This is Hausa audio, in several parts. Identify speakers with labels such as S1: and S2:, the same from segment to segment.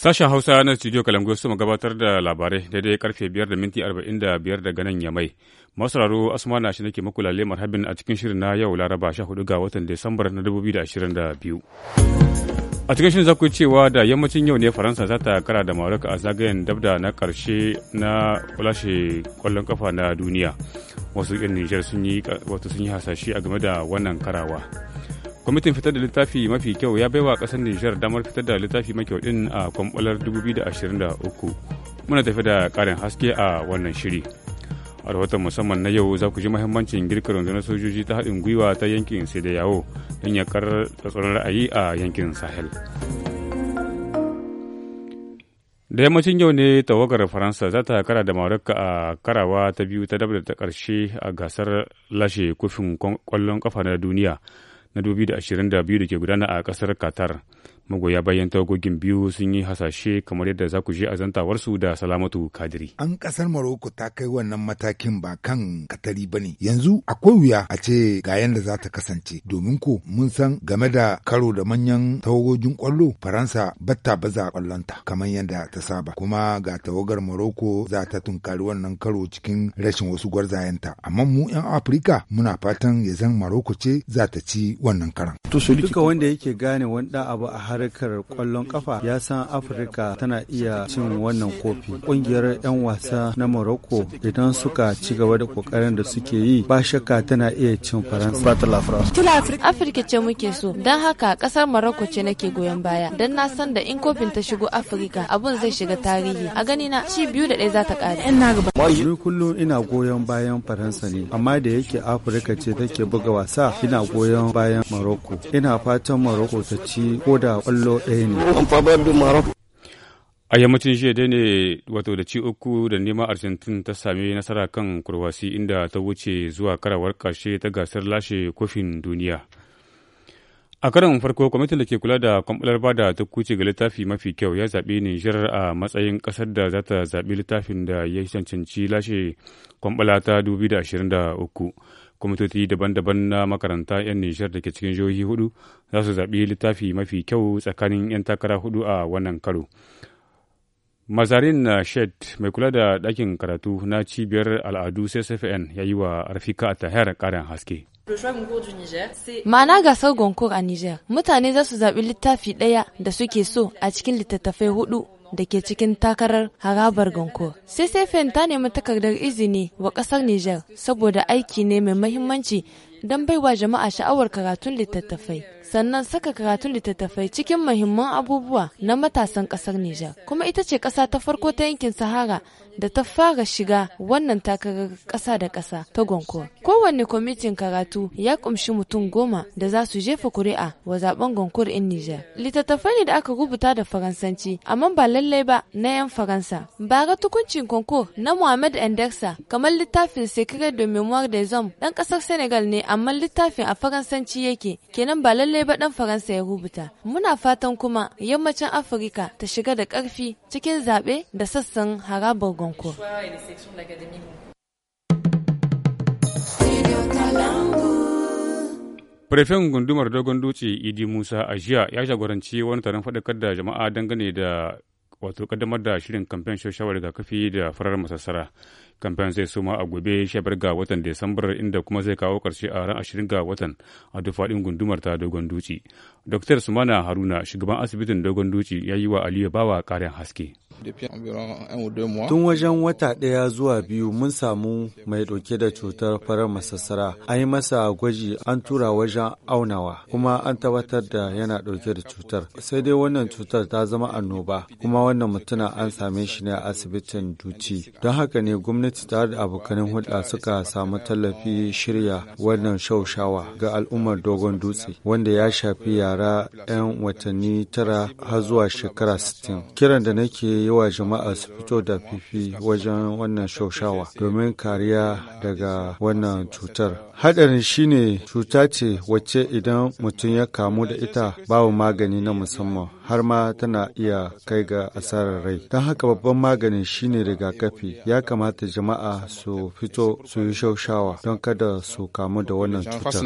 S1: Sashen Hausa na Studio Kalango suna gabatar da labarai daidai karfe 5 da minti 45 daga nan Yamai. Masararo Asma na shi nake muku lalle habin a cikin shirin na yau Laraba 14 ga watan Desambar na 2022. A cikin shirin za ku cewa da yammacin yau ne Faransa za ta kara da Maroc a zagayen dabda na karshe na kulashe kwallon kafa na duniya. Wasu irin Nijar sun yi hasashe a game da wannan karawa. kwamitin fitar da littafi mafi kyau ya baiwa kasar nijar damar fitar da littafi mafi kyau din a kwambalar 2023 muna tafi da karin haske a wannan shiri a rahoton musamman na yau za ku ji mahimmancin girka rundunar sojoji ta haɗin gwiwa ta yankin sai da yawo don yakar tsaron ra'ayi a yankin sahel da yammacin yau ne tawagar faransa za ta kara da marokka a karawa ta biyu ta dabda ta karshe a gasar lashe kofin kwallon kafa na duniya na 2022 da ke gudana a kasar Qatar. magoya bayan tawagogin biyu sun yi hasashe kamar yadda za ku je a zantawarsu da salamatu kadiri
S2: an kasar maroko ta kai wannan matakin ba kan katari ba ne yanzu akwai wuya a ce ga yadda za ta kasance domin ko mun san game da karo da manyan tawagogin kwallo faransa batta baza kwallonta kamar yadda ta saba kuma ga tawagar maroko za ta tunkari wannan karo cikin rashin wasu gwarzayenta amma mu 'yan afirka muna fatan ya zan maroko ce za ta ci wannan karan duka
S3: wanda yake gane wani abu a har harkar kwallon kafa ya san afirka tana iya cin wannan kofi kungiyar 'yan wasa na morocco idan suka ci gaba da kokarin da suke yi ba shakka tana iya cin faransa
S4: afirka ce muke so don haka kasar morocco ce nake goyon baya don na san da in kofin ta shigo afirka abun zai shiga tarihi a gani na ci biyu da ɗaya za ta ƙare ni
S3: kullum ina goyon bayan faransa ne amma da yake afirka ce take buga wasa ina goyon bayan morocco ina fatan morocco ta ci ko da kwallo ɗaya ne.
S1: A yammacin jiya dai ne wato da ci uku da neman Argentin ta sami nasara kan kurwasi inda ta wuce zuwa karawar ƙarshe ta gasar lashe kofin duniya. A karin farko kwamitin da ke kula da kwamfular bada ta kuce ga littafi mafi kyau ya zaɓi Nijar a matsayin ƙasar da za ta zaɓi littafin da ya cancanci lashe kwamfula ta 2023. kwamitoci daban-daban na makaranta 'yan nishar da ke cikin jihohi hudu za su zaɓi littafi mafi kyau tsakanin 'yan takara hudu a wannan karo mazarin na shed mai kula da ɗakin karatu na cibiyar al'adu cfn ya yi wa rafika a tahiyar ƙarin haske
S4: Ma'ana gasar Goncourt a Niger, mutane za su zaɓi littafi ɗaya da suke so a cikin littattafai hudu da ke cikin takarar harabar Gonko. CCFN ta nemi takardar izini wa kasar niger saboda aiki ne mai mahimmanci don baiwa jama'a sha'awar karatun littattafai sannan saka karatun littattafai cikin mahimman abubuwa na matasan kasar niger kuma ita ce ƙasa ta farko ta yankin Sahara da ta fara shiga wannan takarar ƙasa da ƙasa ta Gonkowa. Kowanne kwamitin karatu ya kumshi mutum goma da za su jefa kuri'a wa zaben Gonkowa in Nijar. Littattafai ne da aka rubuta da Faransanci, amma ba lallai ba na 'yan Faransa. Bara tukuncin Gonkowa na Muhammad Endersa kamar littafin Secret de Memoire des Hommes ɗan ƙasar Senegal ne amma littafin a Faransanci yake, kenan ba lallai ba ɗan Faransa ya rubuta. Muna fatan kuma yammacin Afirka ta shiga da ƙarfi cikin zaɓe da sassan harabar Gonkowa. concours.
S1: gundumar Dogon Dutse Idi Musa a ya jagoranci wani taron faɗakar da jama'a dangane da wato kaddamar da shirin kamfen shawarar rigakafi da farar masassara kamfen zai suma a gobe 15 ga watan desambar inda kuma zai kawo karshe a ran ashirin ga watan a dufaɗin gundumar ta dogon duci dr sumana haruna shugaban asibitin dogon duci ya yi wa aliyu bawa ƙarin haske tun wajen wata ɗaya zuwa biyu mun samu mai ɗauke
S3: da cutar farar masassara an yi masa gwaji an tura wajen aunawa kuma an tabbatar da yana ɗauke da cutar sai dai wannan cutar ta zama annoba kuma wannan mutuna an same shi ne a asibitin duci don haka ne gwamnati tare da abokanin hulɗa suka samu tallafi shirya wannan shaushawa ga al'ummar dogon dutse wanda ya shafi yara 'yan watanni tara har zuwa shekara sittin kiran da nake yi wa jama'a su fito da fifi wajen wannan shaushawa domin kariya daga wannan cutar hadarin shine cuta ce wacce idan mutum ya kamu da ita babu magani na musamman har ma tana iya kai ga asarar rai don haka babban maganin shine rigakafi ya kamata jama'a su fito su yi shaushawa don kada su kamu da wannan cutar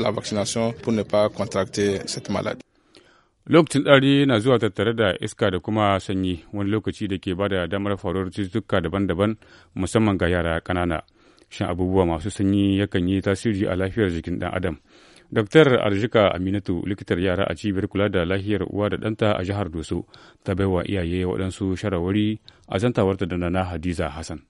S1: lokacin ɗari na zuwa tattare da iska da kuma sanyi wani lokaci da ke ba da damar faruwar cututtuka daban-daban musamman ga yara ƙanana shan abubuwa masu sanyi yakan yi tasiri a lafiyar jikin ɗan adam Dr. Arjika Aminatu likitar yara a cibiyar kula da lahiyar uwa da ɗanta a jihar Doso ta baiwa iyaye waɗansu sharawari a zantawarta da Nana Hadiza Hassan.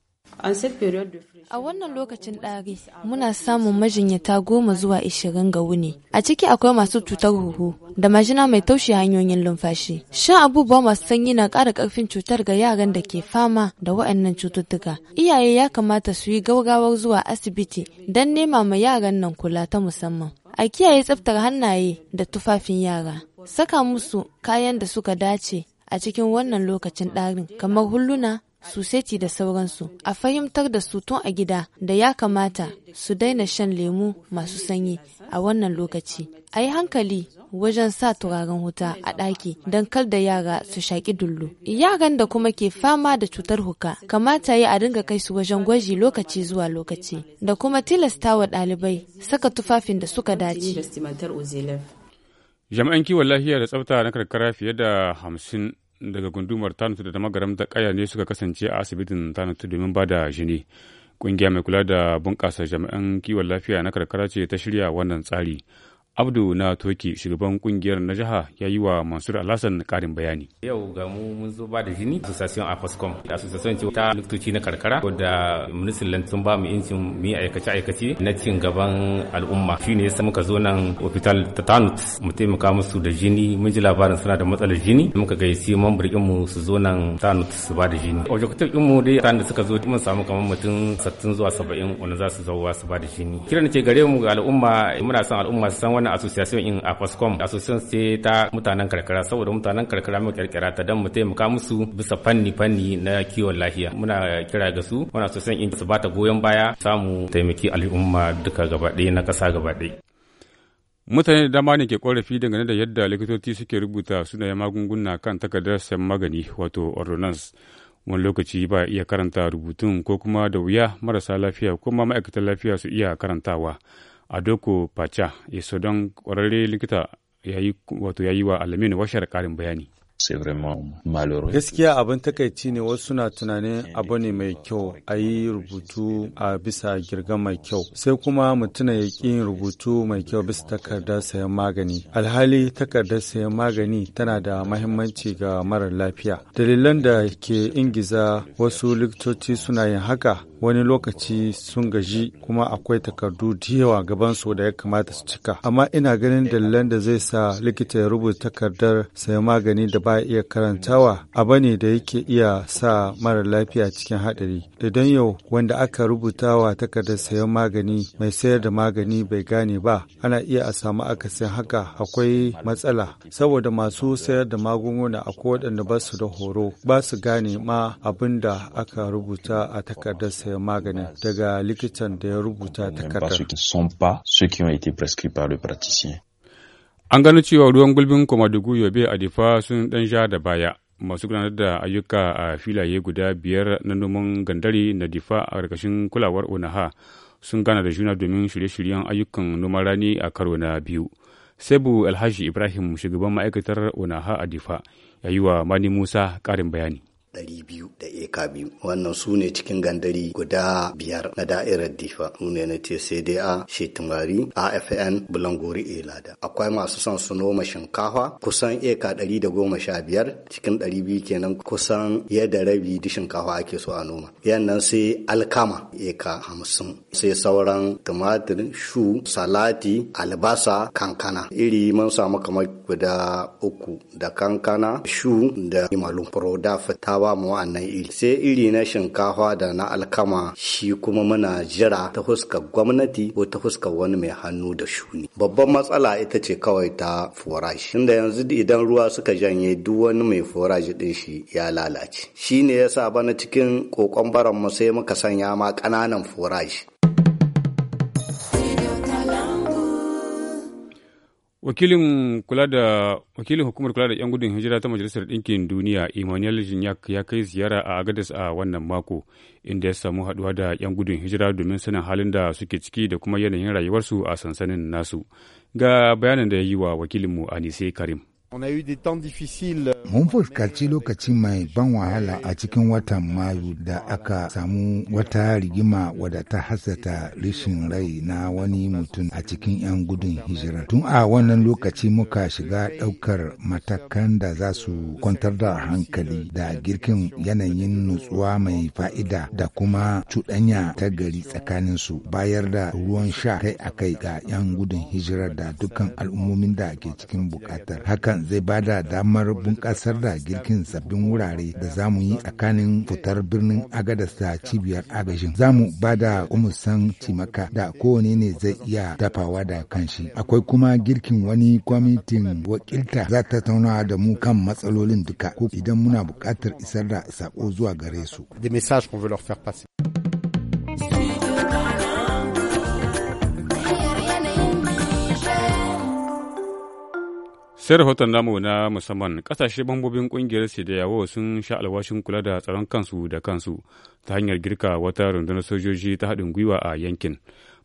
S4: A wannan lokacin ɗari muna samun majinyata goma zuwa ishirin ga wuni. A ciki akwai masu cutar huhu da majina mai taushe hanyoyin lumfashi. Shan abubuwa masu sanyi na ƙara ƙarfin cutar ga yaran da ke fama da waɗannan cututtuka. Iyaye ya kamata su yi gaugawar zuwa asibiti don nema ma yaran nan kula ta musamman. A kiyaye tsaftar hannaye da tufafin yara. Saka musu kayan da suka dace a cikin wannan lokacin ɗarin kamar hulluna su seti da sauransu a fahimtar da su tun a gida da ya kamata su daina shan lemu masu sanyi a wannan lokaci a yi hankali wajen sa turaren wuta a ɗaki don kal da yara su shaƙi dullu yaran da kuma ke fama da cutar huka kamata yi a dinga kai su wajen gwaji lokaci zuwa lokaci da kuma tilasta wa ɗalibai saka tufafin da suka dace
S1: jami'an kiwon lafiya da tsafta na karkara fiye da hamsin daga gundumar tanatu da magaram da kaya ne suka kasance a asibitin tanatu domin ba da jini ƙungiya mai kula da bunƙasa jami'an kiwon lafiya na karkara ce ta shirya wannan tsari abdu na toki shugaban kungiyar na jiha ya yi wa mansur alhassan karin bayani yau ga mu mun zo ba da jini association afascom association ce ta likitoci na karkara wadda ministan sun ba mu incin mu yi aikace aikace na cin gaban al'umma shine yasa muka zo nan hospital ta tanut mu taimaka musu da jini mun ji labarin suna da matsalar jini muka ga gayyaci mamburkin mu su zo nan tanut su ba da jini objective din mu dai tan da suka zo mun samu kamar mutum 60 zuwa 70 wanda za su zo su ba da jini kiran ce gare mu ga al'umma muna son al'umma su san wannan association in a Coscom association ce ta mutanen karkara saboda mutanen karkara mu karkara ta dan mu taimaka musu bisa fanni fanni na kiwon lafiya muna kira ga su wannan association in su bata goyon baya samu taimaki al'umma duka gaba na kasa gaba mutane da dama ne ke korafi dangane da yadda likitoci suke rubuta sunayen magunguna kan takardar sayan magani wato ordonance wani lokaci ba iya karanta rubutun ko kuma da wuya marasa lafiya ko ma ma'aikatan lafiya su iya karantawa a adoko pacha don kwararre likita wato yi wa alaminu washar karin bayani
S3: Gaskiya abin takaici ne wasu na tunanin abu ne mai kyau a yi rubutu a bisa girgan mai kyau sai kuma mutum ya ƙi rubutu mai kyau bisa takardar sayan magani. Alhali takardar sayan magani tana da mahimmanci ga marar lafiya. Dalilan da ke ingiza wasu likitoci suna yin haka wani lokaci sun gaji kuma akwai takardu da yawa gabansu da ya kamata su cika amma ina ganin dalilan da zai sa likita ya rubuta takardar sayan magani da ba iya karantawa a bane da yake iya sa mara lafiya cikin haɗari idan yau wanda aka rubuta wa takardar sayan magani mai sayar da magani bai gane ba ana iya a samu akasin haka akwai matsala saboda masu sayar da magunguna akwai waɗanda ba su da horo ba su gane ma abin da aka rubuta a takardar sayan da magani daga likitan da ya rubuta
S1: takardar. An gano cewa ruwan gulbin Komadugu Yobe a Difa sun ɗan sha da baya. Masu gudanar da ayyuka a filaye guda biyar na noman gandari na Difa a ƙarƙashin kulawar Onaha sun gana da juna domin shirye-shiryen ayyukan noman rani a karo na biyu. Sebu Alhaji Ibrahim shugaban ma'aikatar Onaha a Difa ya yi wa Mani Musa ƙarin bayani. 200 shekka biyu wannan su ne cikin gandari guda biyar na da'irar difa su ne na a shetimari afn bulangori elada akwai masu son su noma shinkafa kusan eka ɗari da goma sha biyar cikin ɗari biyu kenan kusan yadda rabi da shinkafa ake so a noma yannan sai alkama eka hamsin sai sauran tumatir shu salati albasa kankana iri mun samu kamar guda uku da kankana shu da imalu proda fitawa ba mu wa'annan iri sai iri na shinkafa da na alkama shi kuma muna jira ta huska gwamnati ko ta huska wani mai hannu da shuni babban matsala ita ce kawai ta forage inda yanzu idan ruwa suka janye duk wani mai forage din shi ya lalace shi ne yasa bana cikin kokon baran mu sai muka sanya ma ƙananan forage wakilin kula da wakilin hukumar kula da 'yan gudun hijira ta majalisar ɗinkin duniya emmanuel jinyak ya kai ziyara a agadas a wannan mako inda ya samu haɗuwa da 'yan gudun hijira domin sanin halin da suke ciki da kuma yanayin rayuwarsu a sansanin nasu ga bayanan da ya yi wa wakilinmu anise karim
S2: Mun fuskanci lokaci mai ban wahala a cikin euh, watan Mayu da euh, aka samu wata rigima euh, wadda ta hasata rishin rai na wani mutum a cikin 'yan gudun hijira. Tun a wannan lokaci muka shiga ɗaukar matakan da za su kwantar da hankali da girkin yanayin nutsuwa mai fa'ida da kuma cuɗanya ta gari tsakanin su bayar da ruwan sha kai a kai ga 'yan gudun hijira da dukkan al'ummomin da ke cikin bukatar. Hakan zai ba da damar bunƙasar da girkin sabbin wurare da za mu yi tsakanin fitar birnin agadas da cibiyar agajin za mu ba da umusan cimaka da kowane ne zai iya dafawa da kanshi akwai kuma girkin wani kwamitin wakilta za ta tauna da mu kan matsalolin duka ko idan muna buƙatar isar da sako zuwa gare su.
S1: sai rahoton namu na musamman kasashe bambobin kungiyar yawo sun sha alwashin kula da tsaron kansu da kansu ta hanyar girka wata rundunar sojoji ta haɗin gwiwa a yankin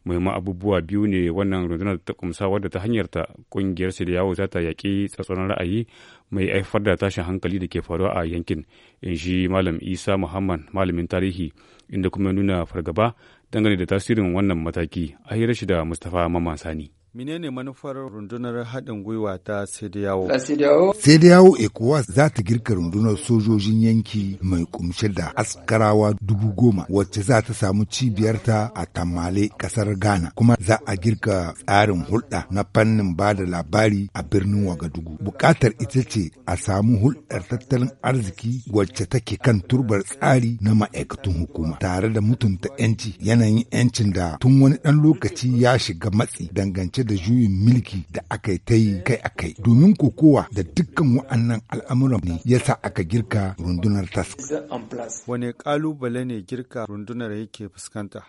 S1: muhimman abubuwa biyu ne wannan rundunar ta kumsa wadda ta hanyar ta kungiyar yawo za ta yaƙi tsatsoron ra'ayi mai haifar da tashin hankali da ke faruwa a yankin in shi malam isa muhammad malamin tarihi inda kuma nuna fargaba dangane da tasirin wannan mataki a hirar shi da mustapha mamman sani
S3: Menene manufar rundunar haɗin gwiwa ta CDAO?
S2: CDAO ECOWAS za ta girka rundunar sojojin yanki mai kumshe da askarawa dubu goma wacce za ta samu cibiyarta a Tamale, ƙasar Ghana. Kuma za a girka tsarin hulɗa na fannin ba da labari a birnin Wagadugu. bukatar ita ce a samu hulɗar tattalin arziki wacce take kan turbar tsari na ma'aikatun hukuma tare da mutunta 'yanci yanayin 'yancin da tun wani ɗan lokaci ya shiga matsi dangance dangance da juyin milki da aka yi ta yi kai a kai domin kokowa da dukkan wa'annan al'amuran ne yasa aka girka rundunar task.
S3: Wane kalubale ne girka rundunar yake fuskanta?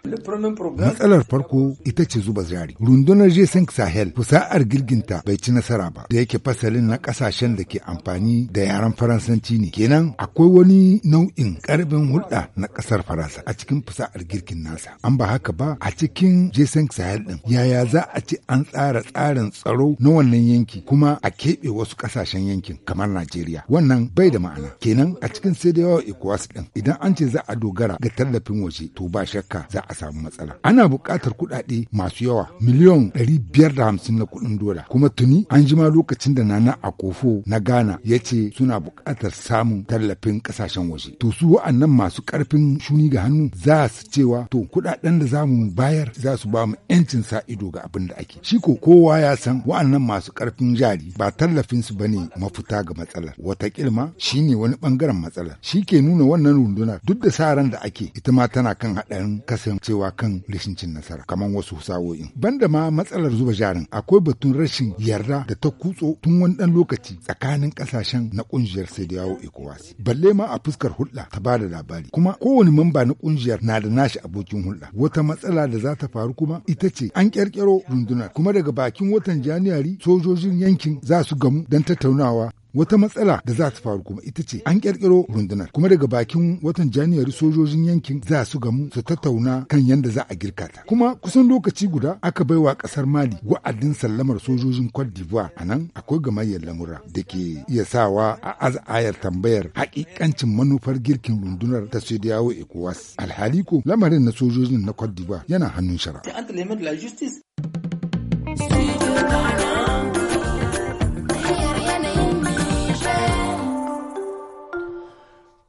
S3: Matsalar
S2: farko ita ce zuba zari. Rundunar Jason Sahel fusa'ar girginta bai ci nasara ba da yake fasalin na kasashen da ke amfani da yaren Faransanci ne. Kenan akwai wani nau'in karfin hulɗa na ƙasar Faransa a cikin fusa'ar girkin nasa. An ba haka ba a cikin Jason Sahel ɗin yaya za a ci an an tsara tsarin tsaro na wannan yanki kuma a keɓe wasu ƙasashen yankin kamar Najeriya. Wannan bai da ma'ana. Kenan a cikin sai da yawa ECOWAS ɗin idan an ce za a dogara ga tallafin waje to ba shakka za a samu matsala. Ana buƙatar kuɗaɗe masu yawa miliyon ɗari biyar da hamsin na kuɗin dola kuma tuni an jima lokacin da Nana a kofo na Ghana ya ce suna buƙatar samun tallafin ƙasashen waje. To su wa'annan masu ƙarfin shuni ga hannu za su cewa to kuɗaɗen da za mu bayar za su ba mu 'yancin sa ido ga abin da ake. Shi kowa ya san wa'annan masu karfin jari ba tallafin su ne mafuta ga matsalar. Wata kilma ne wani bangaren matsalar. Shi ke nuna wannan rundunar duk da sa ran da ake ita ma tana kan haɗarin kasancewa kan rishincin nasara kamar wasu sa'o'in. Banda ma matsalar zuba jarin akwai batun rashin yarda da ta kutso tun wani ɗan lokaci tsakanin ƙasashen na ƙungiyar sai da yawo ECOWAS. Balle ma a fuskar hulɗa ta ba da labari kuma kowane mamba na ƙungiyar na da nashi abokin hulɗa. Wata matsala da za ta faru kuma ita ce an ƙirƙiro rundunar kuma daga bakin watan januari sojojin yankin za su gamu don tattaunawa wata matsala da za ta faru kuma ita ce an kirkiro rundunar kuma daga bakin watan januari sojojin yankin za su gamu su tattauna kan yadda za a girka ta kuma kusan lokaci guda aka baiwa kasar mali wa'adin sallamar sojojin cote d'ivoire a nan akwai gamayyar lamura da ke iya sawa a az'ayar tambayar hakikancin manufar girkin rundunar ta sediyawo ecowas alhali ko lamarin na sojojin na cote d'ivoire yana hannun shara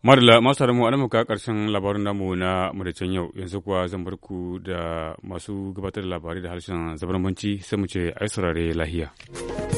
S1: Madala masu mu a muka karshen labarin namu na madacin yau yanzu kuwa zan bar ku da masu gabatar da labarai da harshen zabarmanci sai mu ce ai saurare lahiya.